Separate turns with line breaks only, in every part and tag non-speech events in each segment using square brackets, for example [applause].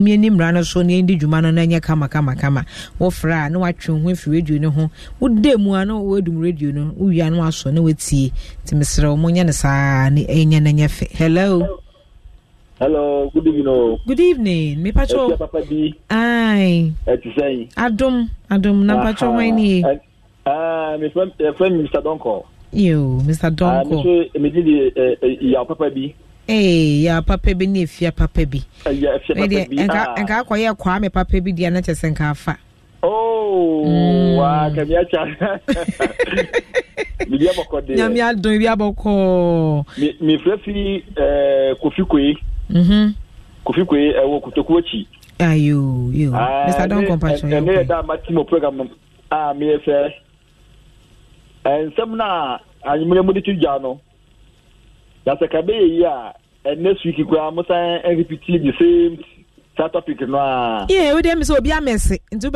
mmie ne mmara no so ne yɛn dwuma no na nyɛ kama kama kama wɔfrɛ a na watwe ho afiri radio no ho woda mu a na wɔadum radio no wowia no asɔ na watie nti mesrɛ wo monyɛ no saa ne ɛnyɛ no nyɛ fɛ hello hello good evening good evening me pacho ai
ɛte sɛn
adom adom
na ah hwan nie mefrɛ mr Donko
You mr donkɔ
me de yaw papa bi
ee yà papa bi ne efia papa bi
ɛdi eh,
nka ah. nka akɔyɛ kwame papa bi di a n'akyɛ sɛ nka afa. ooo oh, waa
mm. kɛmí akya bibi [laughs] abɔkɔ deɛ bi abɔkɔ. mi mi fɛ fi ɛɛ eh, kofi koe. Mhm. kofi koe ɛwɔ eh, kotoku ekyi.
ayo don compassion
yɛ da ma ti mo program a mi yɛ fɛ ɛnsɛm na anyimuna mu de ti gya no yàtọ̀ kabe yìí a eh, next week kura eh, the same sa topic no a. yíyẹ
ewu dẹ́ mi sọ obi amẹ̀sì nti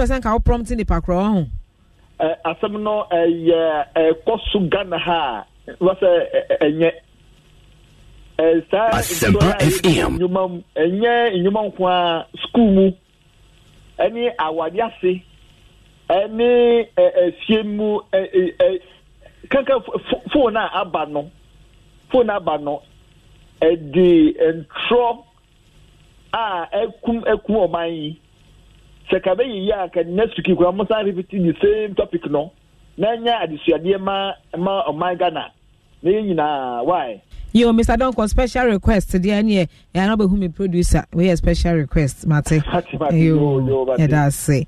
wọ́n so ghana ha wọ́n sẹ ẹ nyẹ. FM. Ɛnyɛ nnwuma nko a sukuu mu ɛne awade ase ɛne eh, ɛfie mu kankan fone a aba no. phone aba no ɛde eh, eh, ntrɔ a ɛkum eh, ɛkum ɔman yi sɛ kabe yiyi a ka next week kura mo san repeating the same topic no na nya adesuadeɛ ma ma ɔman ghana na yɛ nyinaa why.
yo mr donko special request deɛ e, e neɛ ɛna wobɛhu me producer weyɛ special request mate [laughs] Yo, yɛda ase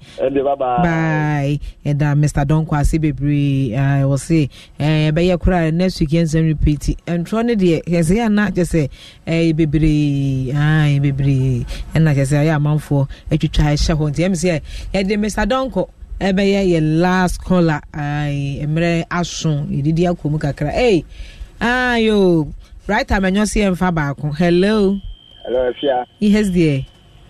bye ɛda mr donko ase bebree wɔ se ɛbɛyɛ kora next week yɛnsɛm repeat ɛntorɔ no deɛ yɛsɛ yɛ ana kyɛ sɛ ɛyɛ bebree bebree ɛna kyɛ sɛ ɛyɛ amanfoɔ atwitwa ɛhyɛ hɔ nti ɛm sɛ yɛde mr donko ɛbɛyɛ yɛ last caller eh, mmerɛ aso yɛdidi akɔ mu kakra ei ayo right time ɛnyɛ so yɛ mfa baako hello.
hello efia.
yes deɛ.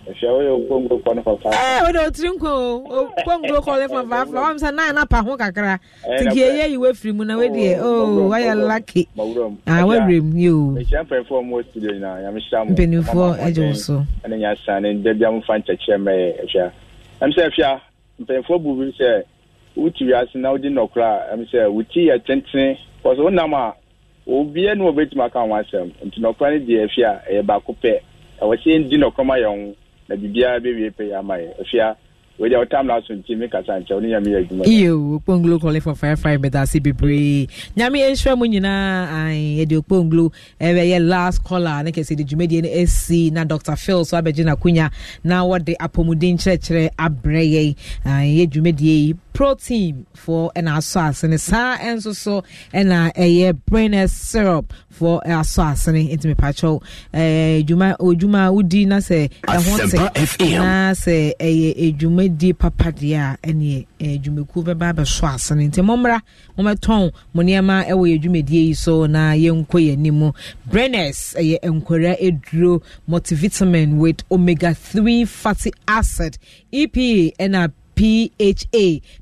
efia wo de okpongoro kɔ ne fafa. ɛɛ
o de otiri nko okpongoro kɔ ne fafa fila wɔn sɛ nan na pa ho
kakra tigi eye iwe firi mu na we deɛ oo wayɛ laki aa wawura mu
yi o. ehyia
mpanyinfoɔ mu wɔ studio nyinaa yam ehyia mu. mpanyinfoɔ ɛdi o so. ɛna nya san ne ndɛ bi amufa nkyɛkyerɛ mɛ yɛ efia ɛm sɛ efia mpanyinfoɔ bubu sɛ wuti wiase na wodi nnɔkora ɛm sɛ wuti yɛ tenten kɔsɛ wonam a obiara na obetumi aka ho asɛm nti nɔkora no deɛ afi a ɛyɛ baako pɛ ɛwɔ sɛ yɛndi nɔkɔma yɛn ho na biribiara bɛwie pɛ yɛ ama yɛ afia wòye ọ̀ tam laaso nti mi kasa nkyɛn ɔne nyame yɛ adwuma. iye
o okpongolo kɔle for fire fire bɛta ase bebree nyame ehyia mu nyinaa ayin yɛde okpongolo ɛbɛyɛ last caller ne kɛse de dwumadie no esi na dr phil so abɛgye n'akonya na wɔde apɔmuden kyerɛkyerɛ abrɛ yɛn ayin dwumadie yi protein for ɛna asɔ asene saa ɛnso so ɛna ɛyɛ e brain syrup for e asɔ asene ntumi pakyɛw ɛɛ edwuma odwuma odi na sɛ ɛho te na sɛ ɛyɛ edwuma dwumadie papa deɛ a ɛneɛ eh, dwumakuo bɛba abɛso ase no nti mommra mommɛtɔn mo nneɛma ɛwɔ yɛ dwumadie yi so na yɛnkɔ yɛ brenes ɛyɛ nkwaraa eduro multivitamin with omega 3 fatty acid epa ɛna pha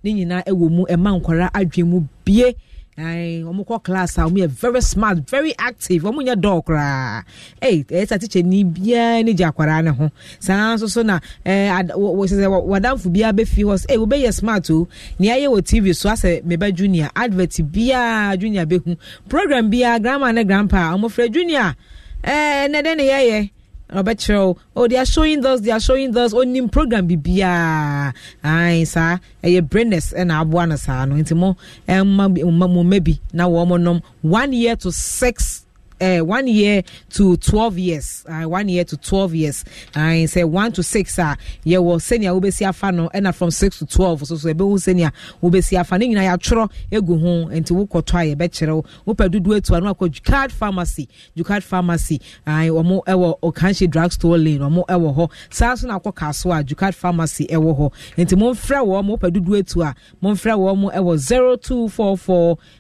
ne nyinaa ɛwɔ mu ɛma nkwaraa adwe mu bie wɔn kɔ class a wɔn yɛ very smart very active wɔn nyɛ dɔɔ koraa ɛyɛ ɛsɛ teacher ni biara ne gye akwaraa ne ho saa nso so na ɛɛ wɔsɛsɛ wadanfo biara bɛfi hɔ ɛyɛ wɔbɛyɛ smart o nea ɛyɛ wɔ tv so asɛ mɛba junior advert biara junior hu program biara grandma ne grandpa wɔn fɛ junior ɛɛ ne de ne yɛyɛ. Robert ɔbɛkyerɛ oh they are showing us they are showing us onim program bibiaa ae saa ɛyɛ brainess ɛna eh, aboa no sa no nti mo ɛma eh, mo mma bi na wɔn nom one year to six uh, one year to 12 years uh, one year to 12 years and uh, say one to six uh, ah, yeah well senior will be see afa no and from six to 12 so so ebe wo senior will be see afa ne nyina ya tworo egu ho enti wo kɔtɔ a yɛbɛ kyerɛ wo pɛ dodo etu anu akɔ jukad pharmacy jukad pharmacy and wɔn ɛwɔ okanshi drug store lane wɔn ɛwɔ hɔ saa nso na akɔ kaso a pharmacy ɛwɔ ho. nti mo n frɛ wɔn mo pɛ dodo etu a mo n frɛ wɔn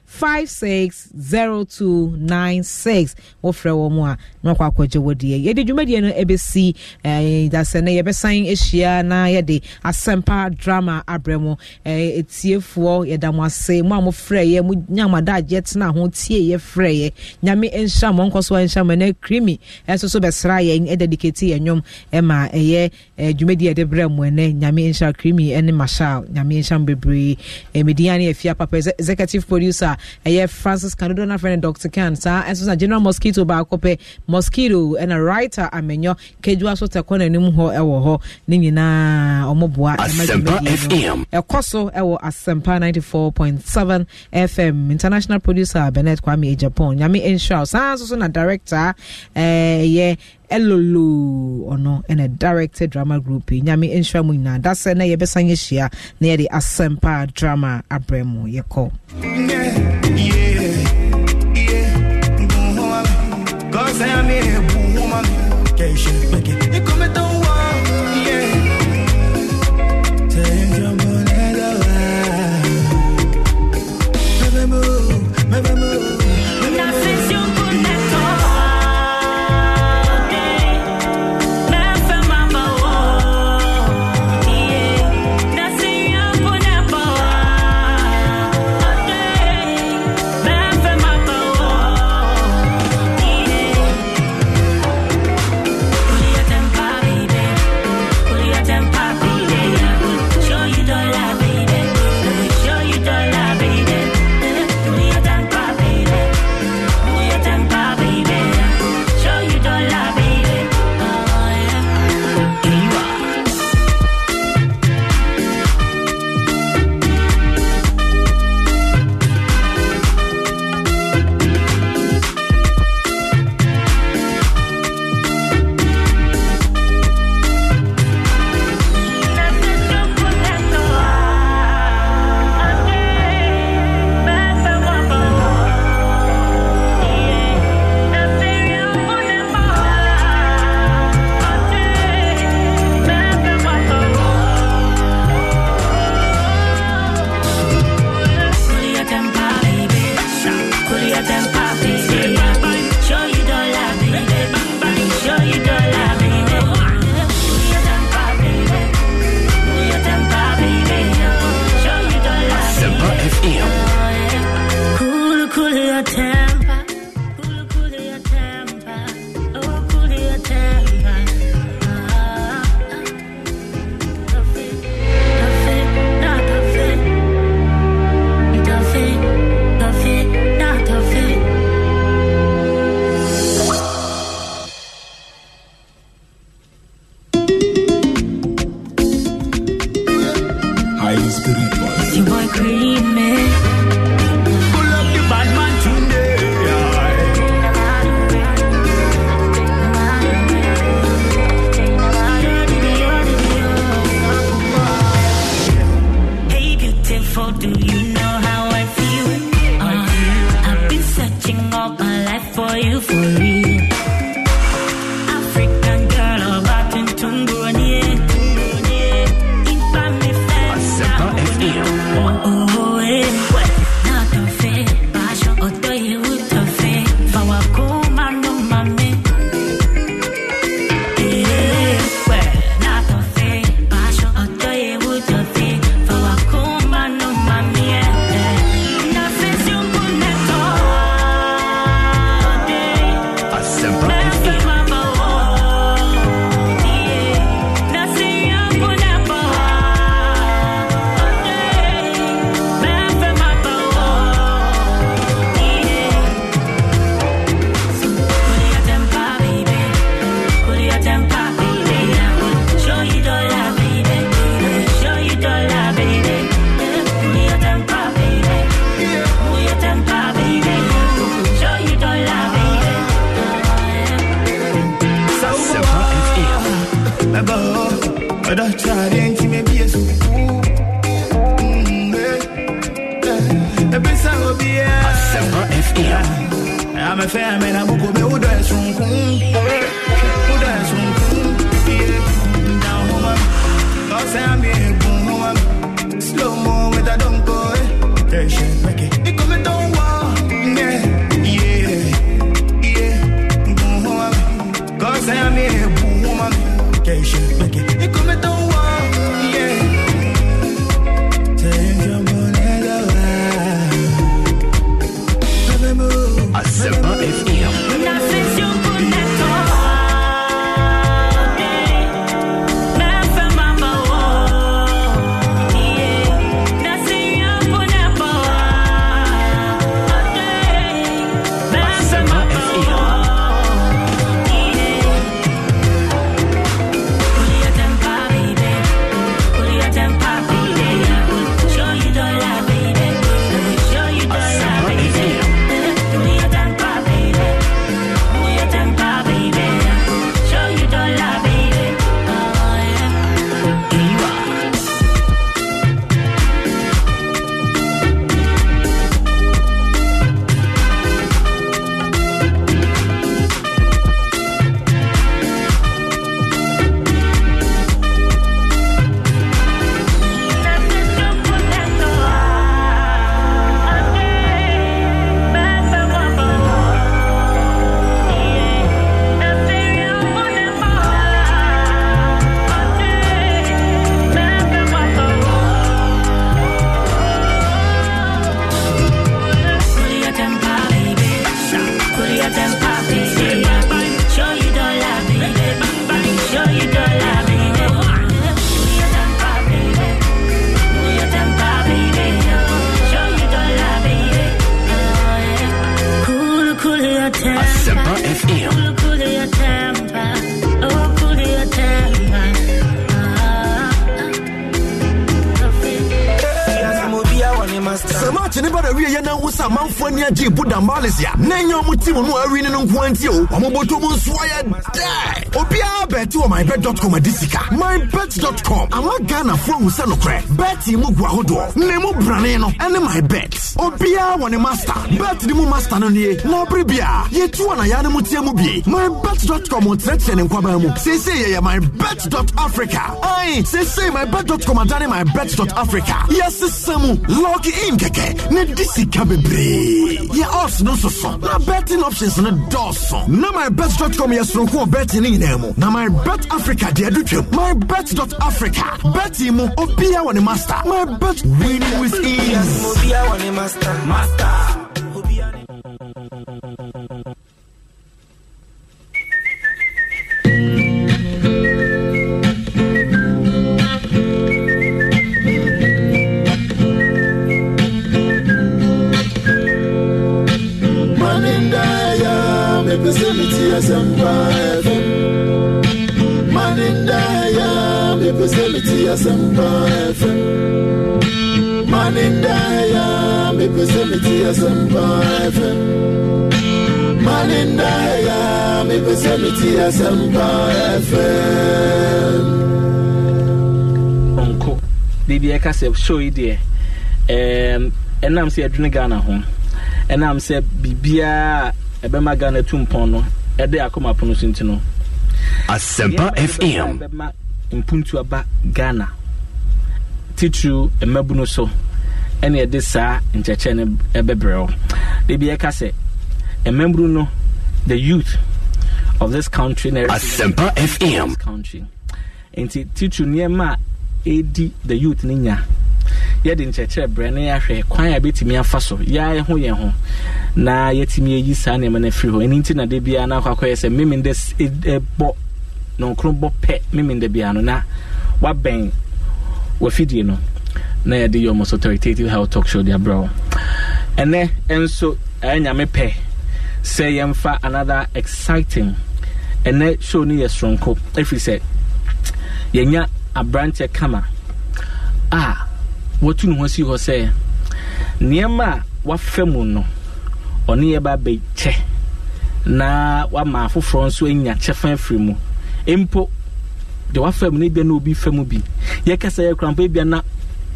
five six zero two nine six wɔfrɛ wɔn mu a na ɔkɔ akɔgye wɔ deɛ yɛde dwumadie no ɛbɛsi ɛɛ dasɛn no yɛbɛsan ahyia na yɛde asɛmpa drama abrɛ mu ɛɛ etiefoɔ yɛda mo ase mo a mo frɛ yɛ mo nyamadagye tena ho tie yɛ frɛ nyame nhyira mo nkɔ so nhyira mo ɛnɛ krimi ɛso so bɛsra yɛn ɛdediketi yɛn nnwom ɛma ɛyɛ ɛɛ dwumadie yɛde brɛ mo ɛnɛ nyame nhyira krimi ɛne mashal nyame nhyira mo bebree ɛmɛdiyan ne yɛ fia papa executive producer. ɛyɛ francis kadodo na afrɛ no dr can saa ɛnso sa general mosquito baako pɛ mosquito ɛna writer amenyɔ kedua so tɛkɔ n'anim hɔ ɛwɔ hɔ ne nyinaa ɔmoboa ɛkɔ so ɛwɔ asɛmpa 94.7 fm international producer benet kwame ajapon nyame nhyira saa nso so na director ɛyɛ ɛlolo ɔno ɛna director drama group yi nyame nhyira mu nyinaa da na yɛbɛsan yɛhyia na yɛde asɛm paa drama abrɛ mu yɛkɔ
Cause I'm a woman, it. ɛdan ho sɛ amanfoɔ ani agye buda malaysia na ɛnyɛ ɔmo tim no awini no nko anti o ɔmo bɔtɔ mu nso ayɛ dɛ obiara bɛti wɔ mybet.com adi sika mybet.com awa ghana fohun sɛ nokorɛ bɛti mu gu ahodoɔ na mu no ɛne mybet obiara wɔ ne master bet ne mu master no nie na bere bia yɛtu wɔ nayaa no mu teɛ mu bie mybet.com nkyerɛkyerɛ ne nkwaban mu seesei yɛyɛ mybet.africa ai seesei mybet.com adane mybet.africa yɛsesa mu log in kɛkɛ na di sika bebree yɛ odds no nsoso na betting options no dɔɔso na mybet.com yɛ soronko wɔ betting ne nyinaa mu na my bet africa deɛ do twam my bet dot africa bet yi mu obiara wɔ ne master my bet win with ease.
Unity Asempa FM. Uncle, baby, I can say, show you there. Um, and I'm saying, Adrina Ghana home. And I'm saying, Bibia, Ebema Ghana Tumpono, Ede Akoma Ponusintino. Asempa FM. Mpuntu aba Ghana. Titru Emebuno so. ɛne ɛde saa nkyɛkyɛ no ɛbɛbrɛ wo de bi ɛka sɛ ɛmɛmbru no the youth of this country na Asempa FM country nti titun nneɛma a edi the youth ne nya yɛde nkyerɛkyerɛ brɛ ne yɛahwɛ kwan a bɛtumi afa so yɛa ho yɛn ho na yɛtumi ayi saa nneɛma na afiri hɔ ɛno nti na da biara na akɔakɔyɛ sɛ memendɛ bɔ nɔnkoro bɔ pɛ memendɛ biara no na wabɛn wafidie no na yɛde yɛ ɔmɔs authoritative how talk show de abrɛ wo ɛnɛ nso ɛyɛ nyame pɛ sɛ yɛmfa another exciting ɛnɛ show no yɛ soronko ɛfiri sɛ yɛnya aberanteɛ kama a wɔtu ne ho si hɔ sɛ nneɛma a wafɛ mu no ɔne yɛ ba bɛkyɛ na wama afoforɔ nso anya kyɛfa afiri mu mpo deɛ wafɛ mu no na obi fɛ mu bi yɛkasa yɛ korampo ebia na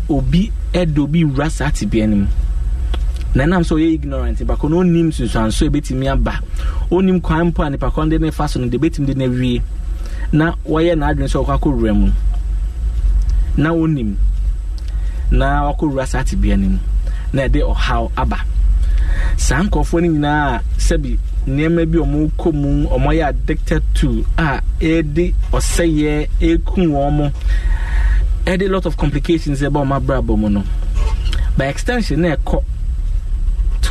obi ɛde obi wura saa tebea no mu na ɛnam sɛ ɔyɛ ignorant nnipa no ɔnim nsunsuanso ɛbɛtumi aba ɔnim kwan mpo a nipa kɔn de ne fa so no de bɛtumi de n'awie na wɔyɛ n'adwene sɛ ɔkɔ akɔwura mu na ɔnim na wakɔwura saa tebea no mu na ɛde ɔhaw aba saa nkurɔfoɔ no nyinaa sɛbi nneɛma bi ɔmo kɔ mu ɔmo yɛ addicted to a ɛde ɔsɛyɛ ɛku wɔn mo ɛde lot of complications ɛba ɔmo abrabɔ mu no by extension na ɛkɔ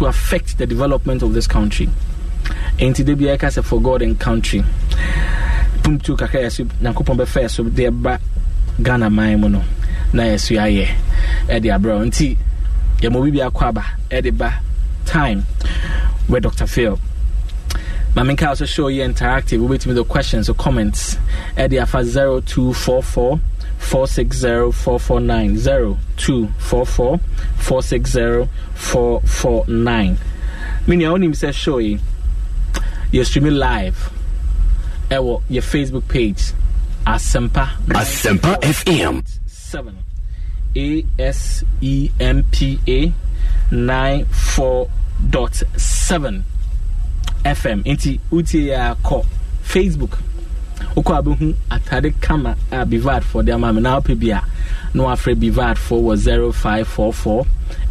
to affect the development of this country. and today be a for God and country. Pumtu kakra yɛsi nyankopɔn bɛfɛ so de ba Ghana man mu no na yɛsi ayɛ ɛde abrɛ nti yɛmɔ bibi akɔ aba ɛde ba time where Dr. Phil. Maame also show you interactive. We Wobɛtumi the questions or comments ɛde afa zero two four four. 460 449 0244 460 449. Meaning, I only say show you. You're streaming live. Ewo, your Facebook page. Asempa. Asempa FM. 7. A S E M P A 94.7 FM. Inti, Uti, Ko. Facebook wokɔ abɛhu atade kama a bivard fɔ de ama me na wopɛ bi a na wafrɛ bivard fɔ wɔ 0544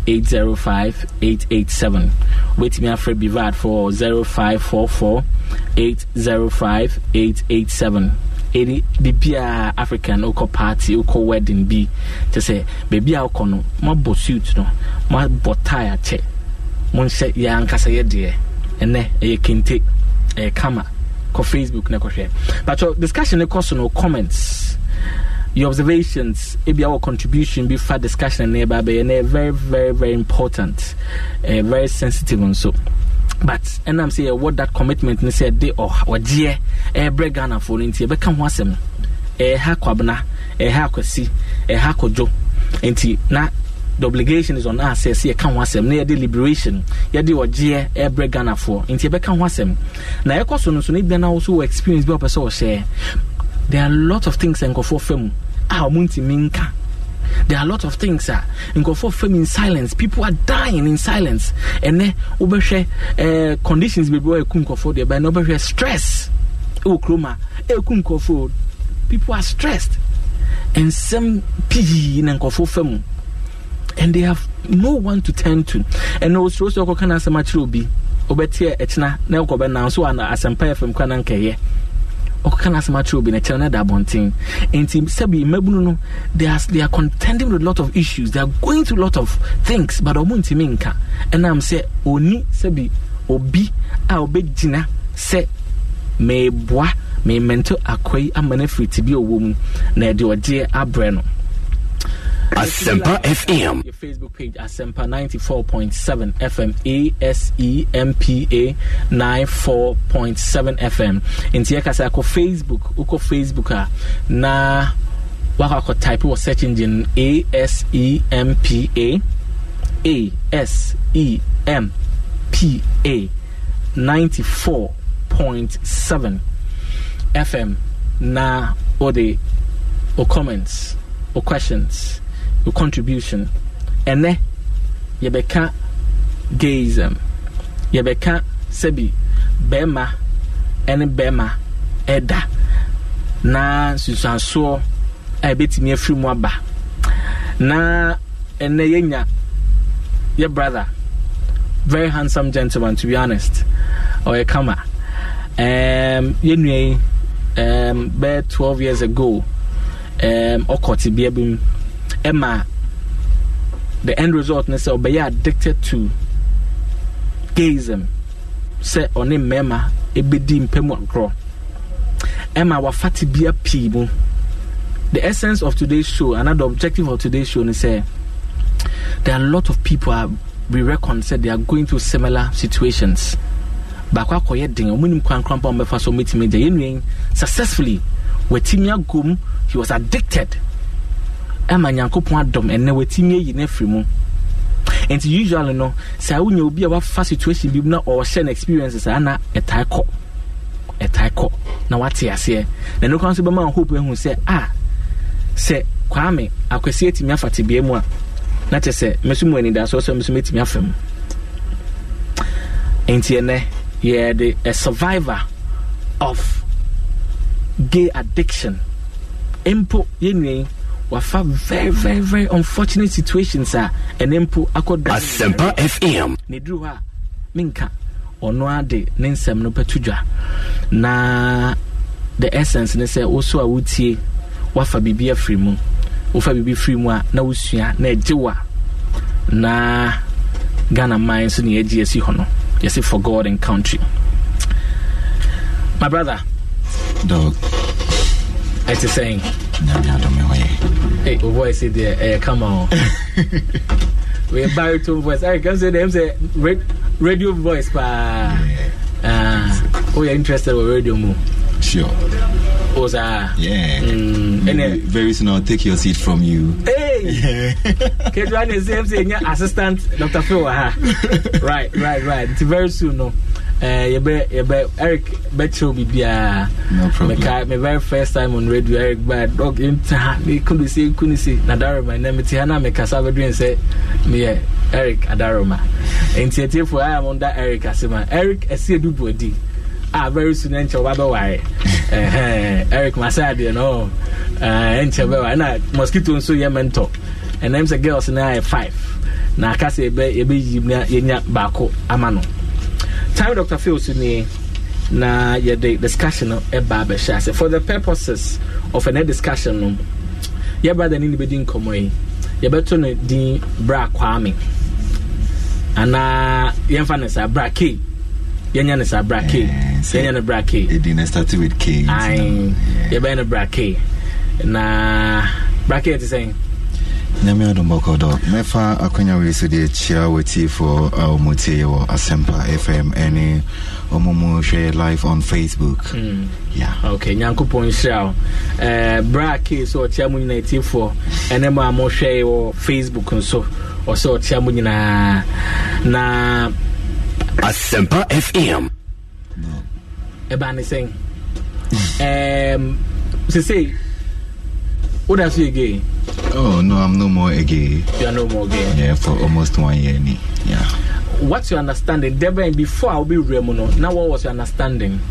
805887 wobɛtumi afrɛ bivard fɔ 0544 805887 ɛni biribiaa african wokɔ party wokɔ wedding bi kyɛ sɛ baabi a wokɔ no moabɔ suit no moabɔ tie akyɛ monhyɛ yɛ ankasa yɛ deɛ ɛnɛ ɛyɛ kente ɛyɛ kama kɔ facebook na kɔhwɛ your discussion no kɔ so no comments your observations ebi our contribution bi fa discussion na ɛba bɛyɛ na very very very important uh, very sensitive nso but ɛnam sɛ yɛwɔ that commitment no sɛ ɛde ɔgyeɛ ɛbrɛ ghanafoɔ no nti yɛbɛka ho asɛm ɛha kwabena ɛha kwasi ɛha kɔdwo nti na the obligation is on us yɛsɛ yɛka ho asɛm na yɛde liberation yɛde ɔgyeɛ ɛbrɛ ghanafoɔ nti yɛbɛka ho asɛm na yɛkɔ so no so no bia no wɔ experience bi a wopɛ sɛ there are a lot of things nkɔfoɔ fa ah, mu a ɔmo ntumi nka there are a lot of things a uh, nkɔfoɔ fam in silence people are dying in silence ɛnɛ wobɛhwɛ uh, conditions bebree ɛku nkɔfoɔ deɛ bɛn na wobɛhwɛ stress ɛwɔ kurom a ɛku nkɔfoɔ people are stressed nsɛm pii na nkɔfoɔ fam and they have no one to turn to and also so ko kana asɛm akyerɛ obi obɛte ɛkyena na ɛkɔ bɛ nan so an asɛmpa fm kwa na nkɛyɛ ɔkɔka no asɛm akyerɛ obi na kyerɛ no da abɔnten enti sɛbi mmabunu no they are, they are contending with a lot of issues they are going through a lot of things but ɔmo ntumi nka ɛnam sɛ ɔni sɛbi obi a ɔbɛgyina sɛ meeboa memente me ama no afiri tibia ɔwɔ mu na ɛde ɔgyeɛ abrɛ no
Asempa FM. Your
Facebook page, Asempa 94.7 FM. A S E M P A 94.7 FM. Nti yɛkasa akɔ Facebook, uko Facebook ah, na wakɔ type wɔ search engine A S E M P A A S E M P A 94.7 FM. Na all the or comments or questions contribution ɛnɛ yɛbɛka gayism Yebeka sebi. bema, ɛne bɛrima ɛda na me a few more ba. na and yɛnya yɛ brother very handsome gentleman to be honest ɔyɛ kama um, yɛnnua um, bɛɛ 12 years ago um, ɔkɔte bia ɛma the end result ne sɛ ɔbɛyɛ addicted to gayism sɛ ɔne mmarima ɛbɛdi mpam agorɔ ɛma wafate bia pii mu the essence of today's show and the objective of today's show is say there are a lot of people are we reckon say they are going through similar situations baako akɔyɛ den ɔmo nim kwan kwan pa ɔmo bɛfa so ɔmo etimi gya yɛn nua yi successfully wɔtimi agom he was addicted ɛma nyankopɔn adɔm ɛnɛ watumi ayi no afiri mu nti usually no sɛ wonya obi a wafa situation bi na ɔhyɛ no experience saa na ɛtae kɔ ɛtae kɔ na wate aseɛ na ɛno nso bɛma hope ahu sɛ a sɛ kwaame akwasi atumi afa tebea mu a na kyɛ sɛ meso mu anidasoɔ sɛ meso mɛtumi afa mu nti ɛnɛ yɛde a survivor of gay addiction mpo yɛnua wafa very very very unfortunate situations a ɛne mpo akɔ da asɛmpa fm ne duru hɔ a menka ɔno ade ne nsɛm no pɛto dwa na the essence ne sɛ woso a wotie wafa biribi afiri mu wofa biribi firi mu a na wosua na ɛgye wo a na ghana man nso ne yɛgye asi hɔ no yɛse for god and country my brother dog ɛte sɛn nyame adome hɔ yɛ Hey, your voice is there. Hey, come on. [laughs] We're baritone voice. I can say them say radio voice. Pa. Uh, oh, you're interested with radio mo? Sure. Oza. Oh,
yeah. Mm, and then, Very soon I'll take your seat from you.
Hey! Yeah. Kedwan is the assistant, Dr. Phil. Ah. [laughs] Right, right, right. It's Very soon, no. Eh, eric bɛkyerɛw biribiaa meka me very first time on radio eric ba dog ɛnta ha mekunu se see. se my name is Tiana. na mekasa bɛdwen say me eric adaroma enti atiefoɔ I am under eric Eric, I see a adubu adi Ah, very soon ɛnkyɛ wɔba bɛware eric masa adeɛ eh, no ɛnkyɛ bɛware na mosquito nso your mentor And ɛnam sɛ girls I have five na aka sɛ yɛbɛyi na yɛnya baako ama no time dr Phil, ni na yɛde discussion no ɛba abɛhyɛ ase for the purposes of ɛnɛ discussion no yɛ brother ne ne bɛdi nkɔmmɔ yi yɛbɛto no din bra kwame anaa yɛmfa no saa bra k yɛnya no saa bra k eh, yɛnya no bra k yɛbɛyɛ no bra k na bra k yɛte sɛn
nyame adom bɔkɔ dɔ mɛfa akwanya wei so deɛ kyia wɔtiefoɔ a ɔmɔtie wɔ asɛmpa fm ne ɔmomu hwɛ live on facebook
hmm. yeah. ok nyankopɔn nhyira wo uh, eh, berɛ a kee sɛ ɔkyia mu nyina atiefoɔ ɛne ma mohwɛe wɔ facebook nso ɔsɛ ɔkyia mu nyinaa na asɛmpa fm ɛba ne sɛn sesei Who does he gay? Oh, no, I'm no
more a gay.
You are no more gay?
Yeah, for almost one year. Yeah.
What's your understanding? Deborah, before I'll be Remono, now what was your understanding?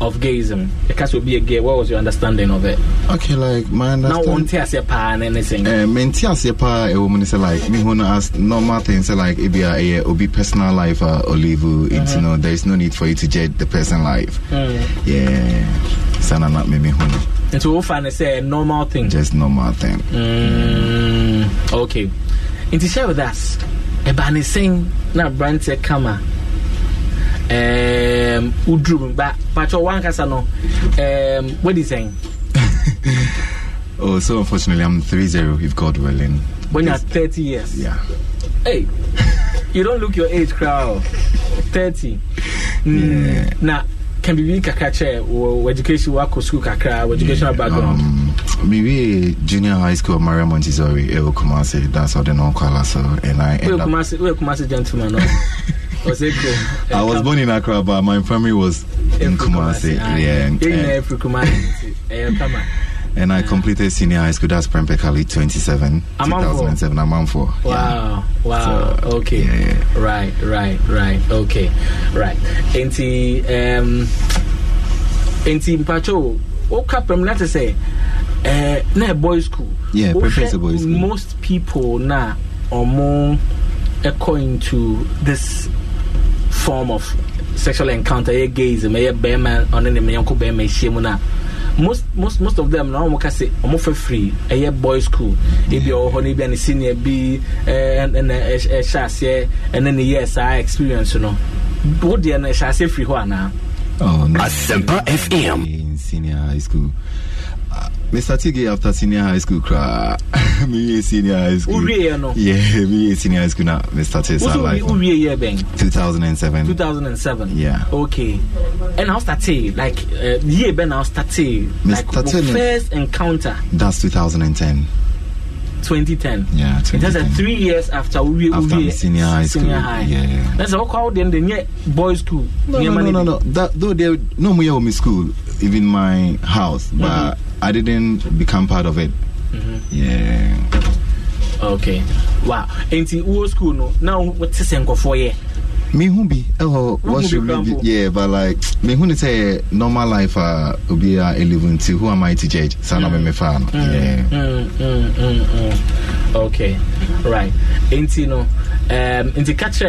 Of gayism, because you'll be a gay. What was your understanding of it?
Okay, like my understanding. Now, won't
tear your pa
and anything. Eh, men tear your pa. A eh, woman is like me who ask normal things like eh, it be a be personal life uh, or uh, olive. Mm-hmm. you know there is no need for you to judge the person life. Mm. Yeah, sana not me me who
nti wofa no sɛ normal thing just normal thing mm, okay nti share with us ɛba ne sɛn na aberanteɛ kama um, woduru ba patwɛ woankasa no um, wadi sɛn
Oh, so unfortunately, I'm 3 0 if God willing.
When you're 30 years? Yeah. Hey, you don't look your age, crowd. 30. [laughs] Mm. Yeah. Now, nah, can be kakra kyɛ wɔ education wakɔ school kakra wɔ educational background um,
mewie junior high school maria montessori ɛwɔ kumase that's all the non kwala so and i end up
kumase wɛ kumase gentleman no [laughs] was it cool
i was born in accra but my family was in Kumasi. yeah, yeah. yeah. yeah.
yeah. yeah. yeah. yeah. yeah
and I completed senior high school. That's Prem Pekali, 27, I'm 2007. I'm on for. Wow,
yeah. wow. So, okay, yeah, yeah. right, right, right. Okay, right. Enti, um, enti mpacho. Woke up, I'm not say. Uh, na boys school.
Yeah, prefer boys school.
Most people na omo according to this form of sexual encounter, yeah, gays, may a bearman on any man, uncle bearman, shame on most most most of them na wɔn ka se for free. firi ɛyɛ boy school ebi ɔwɔ hɔ n'ebi ani senior and eh, and ɛna eh, ɛhyɛ eh, aseɛ ɛna ne yɛ saa experience oh, no wo deɛ no ɛhyɛ aseɛ firi hɔ a asɛmpa fm.
senior high school. Mr. Tige after senior high school cra. [laughs] me senior high school. Uriye no. Yeah, me senior high school na Mr. Tige. What's Uriye Uriye year bang? 2007.
2007. Yeah. Okay. And how started like uh, year ben how started like first encounter.
That's 2010.
2010. Yeah, 2010. That's uh, three years after we after senior high school. high. Yeah, yeah. That's how called them the boys school. No, no, no, no, no. That though they no more
school even my house, but mm-hmm. I didn't become part of it. Mm-hmm. Yeah.
Okay. Wow. Enti wo school no. Now what is nkofo ye?
Me who be oh what should be yeah, but like me who say normal life uh be a living to who am I to judge? Sana mm. me me fan. Mm, yeah.
Mm, mm,
mm, mm. Okay. Right. Enti no. Um enti catch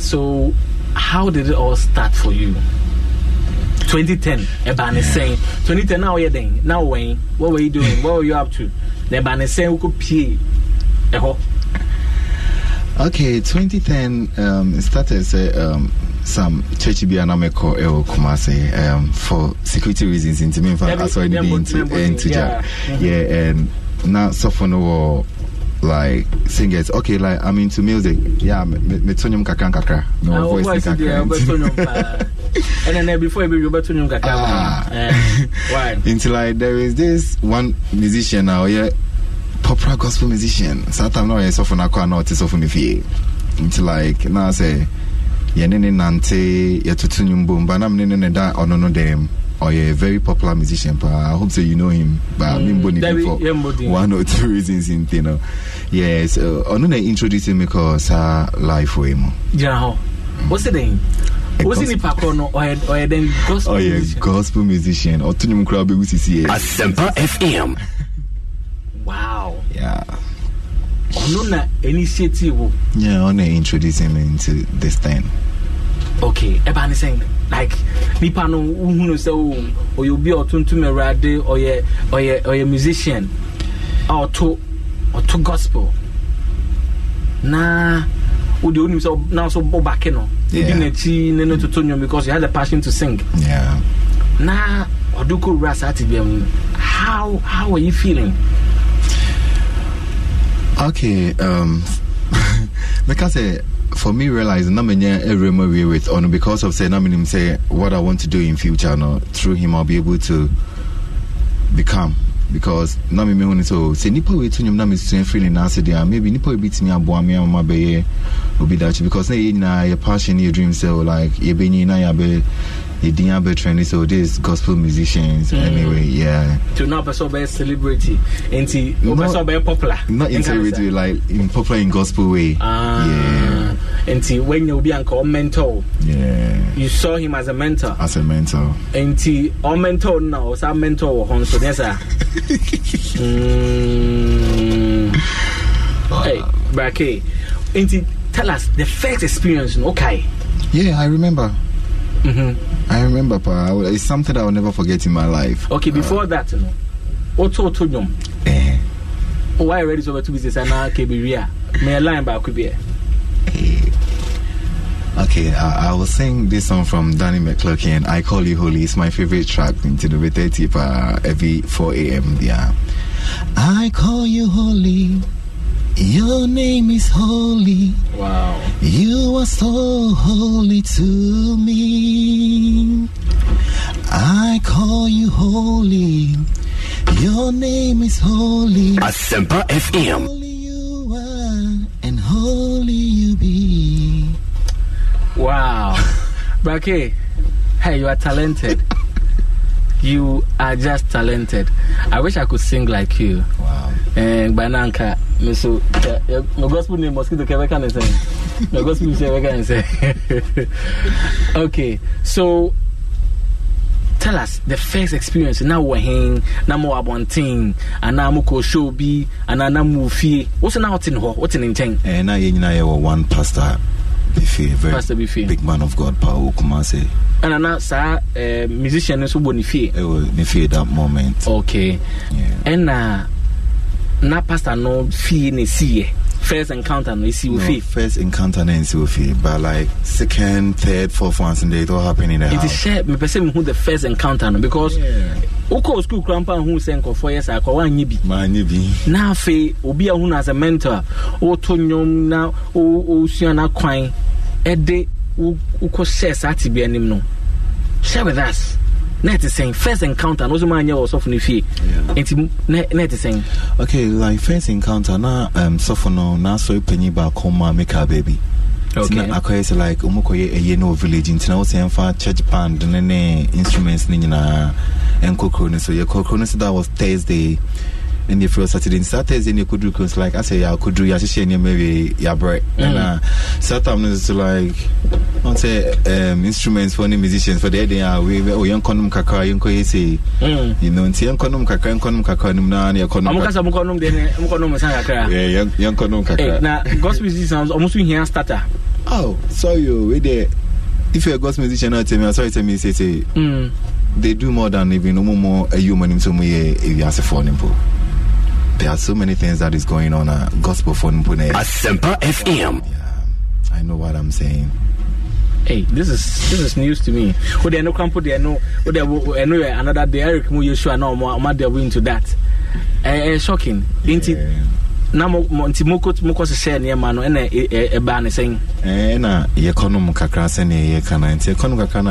so how did it all start for you? 2010 ɛba ne sɛn 2010 na woyɛ den na wowɛn what were you doing what were you up to na ɛba ne sɛn wokɔ pie ɛhɔ
okay 2010 um, started sɛ uh, um, some church bi a na mekɔ ɛwɔ kumase um, for security reasons nti memfa asɔre eh, mm-hmm. um, no bi into ɛnto gya yeah and na sɔfo no wɔ like singers okay like i'm into music yeah me, me, me kakra kakra no oh, voice kakra
[laughs] and then uh, before you go back to Nunga, ah.
uh, why? [laughs] Until like there is this one musician now, yeah, popular gospel musician. Satan now is often a car, not often if he. Until like now, I say, yɛne ne nante yɛtoto nwom bom ba na mene ne ne da ɔno oh, no dɛm ɔyɛ oh, very popular musician paa i hope say you know him but mm, memmɔ ne bi
for one or two
reasons nti oh, no yes ɔno uh, na introduce me kɔ saa life wei mu
yeah, hɔ wo se dɛn wosi nipa ɔyɛ gospel musician ɔyɛ
gospel musician ɔtún ni mu kura ɔbɛ wusi si fm.
wow.
Yeah. ɔno na initiative wo.
yeah ɔno introduce me into this thing.
okay ɛba ne sɛn like nipa no wohunu sɛ o ɔyɛ obi a ɔtuntum awurade ɔyɛ ɔyɛ ɔyɛ musician a ɔto ɔto gospel naa wode wonim sɛ now so wobake no wodi n'akyi ne no toto nnwom because you had a passion to sing na ɔde kɔwura saa te biam no how how are you feeling
okay um [laughs] mɛka sɛ for me realizing na menya awuram awie with ɔno because of sɛ na say what i want to do in future no through him i'll be able to become because na me mehu ne sɛ sɛ nnipa wei to nnwom na mesua firi ne naase deɛ a maybe nnipa wobɛtumi aboa me amama bɛyɛ obi dakye because na yɛ nyinaa yɛ passion ne yɛ dream sɛ like yɛbɛnyi na yɛabɛ yɛdin abɛtwerɛ ne So this gospel musicians mm. anyway yeah
to now pɛ sɛ wobɛyɛ celebrity nti wopɛ sɛ wobɛyɛ popular not in celebrity like in popular in gospel way ah. yeah nti wanya obi anka o mentor yeah. you saw him as a mentor as a mentor nti o mentor na o sa mentor wɔ hɔ nso ne saa hey brake nti tell us the first experience no okay yeah i remember mm-hmm.
i remember pa it's something i will never forget in my life okay before
uh, that no woto to dwom eh why ready so to be say na kebiria May I line back with eh. you?
Okay, I, I will sing this song from Danny McClurkin. I Call You Holy. It's my favorite track into the thirty for every 4 a.m. Yeah. I call you holy. Your name is holy. Wow. You are so holy to me. I call you holy. Your name is holy.
Asempa FM.
Holy you are, and holy you be. Wow. [laughs] Brake, hey, you are talented. you are just talented. I wish I could sing like you. Wow. And eh, Bananka, so my gospel name Mosquito Keveka and say. My gospel name Keveka and say. Okay, so tell us the first experience. Now we're hanging, now we're wanting, and now we're show be, and now we're fee. What's an out in what? What's an intent? And now you're one pastor. Bifi, very Pastor Bifi. big man of God, Paul Kumase. And I'm not, sir, uh, musician is born Nifi. Oh, eh, Nifi that moment. Okay. Yeah. And uh, na pastor no fee ne see first encounter no see with no,
first encounter no see with but like second third fourth once and they it all happen in the it house it is
shared. me person who the first encounter no because yeah. wokɔ skul kora mpa hu sɛ nkɔfoɔ yɛ saa kɔ woanyɛ bi maanyɛ bi na afei obi a wohunu asɛ mentor a woto nnwom na wosua no kwan ɛde wokɔ saa te bi anim no share with us na ɛte sɛn first encounter na so maanyɛ wɔ sɔfo no fie nti na ɛte okay like first
encounter na um, sɔfo no na asɔre panyin baako make a baby. okay. akɔyɛ sɛ like umu koye no village in na wo sɛ church band ne instruments no nyinaa ɛnkɔ so yɛkɔ kuro so that was thursday ne yɛfrɛ saturday nti saa thursday ne yɛkɔduru kons like asɛ yɛakɔduru yɛahyehyɛ nneɛma wie yɛabrɛ ɛna saa tam no so like ɔn sɛ um, instruments fɔ ne musicians fɔ deɛ uh, ɛden a oh, yɛnkɔnom kakra yɛnkɔ yɛ sei mm. you know nti yɛnkɔnom kakra yɛnkɔnom kakra nom naa ne
yɛkɔnomyɛnkɔnom kakra
oh sorry o we there if you're a gospel musician now tell me i'm sorry tell me say say mm. they do more than even no more a human in some way eh, if you ask for an impo there are so many things that is going on uh, at Gospel for A Semper FM.
Yeah, I know what I'm saying. Hey, this is this is news to me. Oh, they no camp, they no, oh, they no another day. Eric Muyeshua, no, I'm not there into that. Eh, eh, shocking, ain't yeah. it? na nti mokɔ mo, nneɛma no ɛna ɛbaa ne sɛn ɛna
yɛkɔ nom kakra sɛneɛ yɛka na nti yɛkɔ nom kakra no